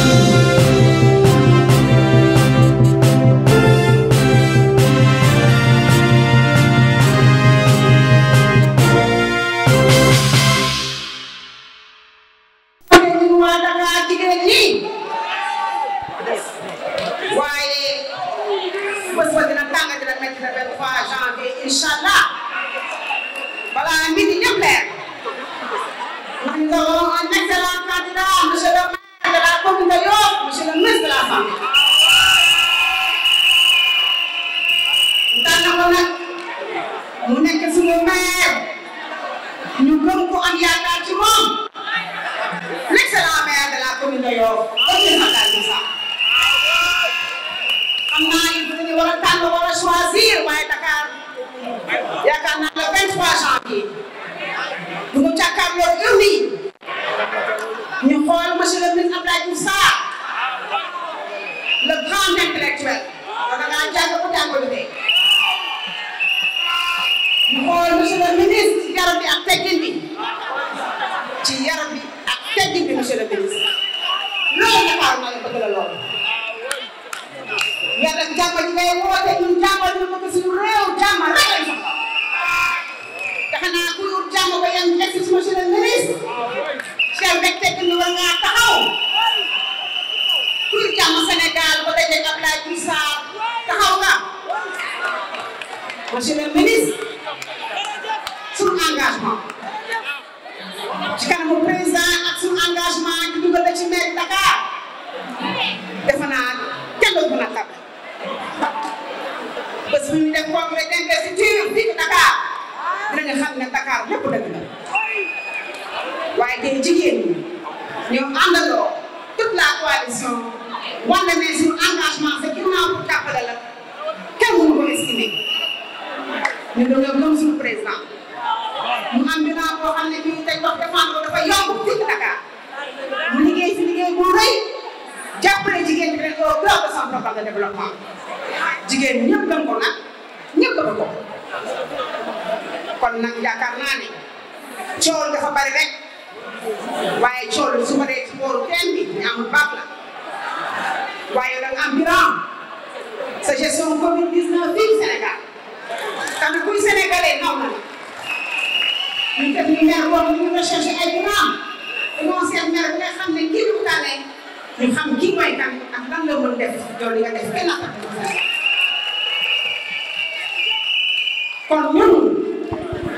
waaye bés ba dina tàng dina métti le 23 janvier incha allah naturel kon da ngaa jàng bu tàngo dutee ñu xool monsieur ministre ci yaram ak teggin bi ci yaram bi ak teggin bi monsieur ministre lool nga dem jàmm ji ngay woote ñun jàmm ñu bëgg suñu réew jàmm rek lañ sax defe naa ku yor jàmm teggin bi war ngaa taxaw mu Sénégal ba dajeeg Abdoulaye Diouf Sarr taxaw nga monsieur le ministre suñu engagement ci kanamu président ak engagement ñu dugal la ci mairie Dakar defe naa kenn na tab parce que ñu def congrès d'investiture fii ci Dakar dinañu xam ne Dakar lépp dëgg la waaye tey jigéen ñi ñoo àndaloo toute la coalition wala ne suñu engagement sa ginnaaw pour tàppale la kenn mënu ko estimer ñu dañoo gëm suñu président mu am bilan boo xam ne bii tey dox défendre ko dafa yomb fii ci Dakar mu liggéey ci liggéey bu rëy jàppale jigéen bi rek yow doo ko son programme de développement jigéen ñëpp gëm ko nag ñëpp gëm ko kon nag yaakaar naa ne coow dafa bari rek waaye coow su ma dee ci booru teen bi ñu amul baax la. situation Covid 19 fii Sénégal xam nga kuy sénégalais naw na la ñun tamit maire boobu ñu recherché ay imam imam seen maire bi nga xam ne kii lu tànnee ñu xam kii mooy kan ak lan la mën def yow li nga def kenn ak kon ñun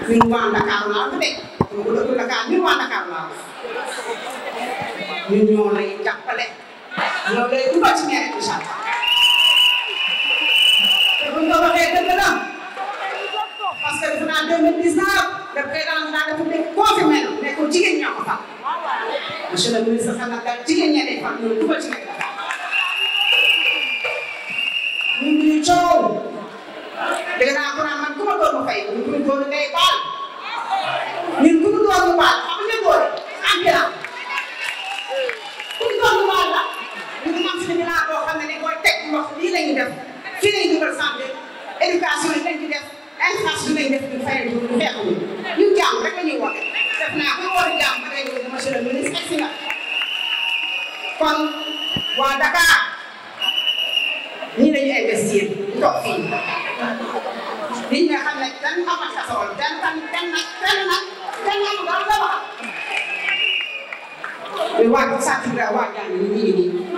ñun waa Dakar laa ko de dama ko dëkk Dakar ñun waa Dakar laa ko ñun ñoo lay jàppale ñoo lay dugal ci maire bi incha allah bu ñu ko waxee dëgg la parce que defe naa 2019 le président de la République confirmé na ne ko jigéen ñoo ko fal monsieur le ministre xam naa daal jigéen ñee day fal loolu du ko ci nekk ñun ñuy coow dëgg naa ko naan man ku ma doon ma fay ñun kuñu doon ngay baal ñun ku ñu doon mu baal xam nga doole ambulant ku ñu doon mu baal la ñu ngi am similaire boo xam ne ni booy teg wax lii la ñu def fii la ñu dugal éducation yi lañ ci def infrastructure lañ def ñu fayal ñu xeexu ñu jàng rek la ñuy wax def naa ko war a jàng ba tey jii monsieur le ministre egsi na kon waa Dakar ñi lañu investir toog fii nit ñi xam ne dañ amat kasaroon dañ tan dañ nag dañ nag dañ nag dañ la wax. mais waa Sàcc bi daal waa Gane ñu ngi nii.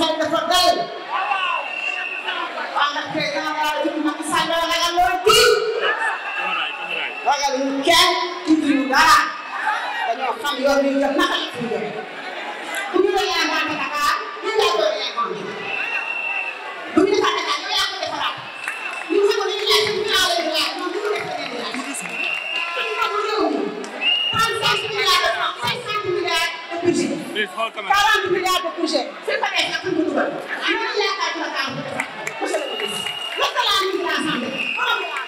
Sall dafa doy. waaw ndax président de la République Macky Sall dama ragal lool kii. ragal ñu kenn tuuti dara dañoo xam yoon wi ñu jëm naka la ñu jëm. Idriss xool quand même. 40 milliards de projets. suñ ko defee ak suñ ko dugal. am na yaakaar ci la 40 milliards. monsieur le ministre. lëkkalaa ñu ngi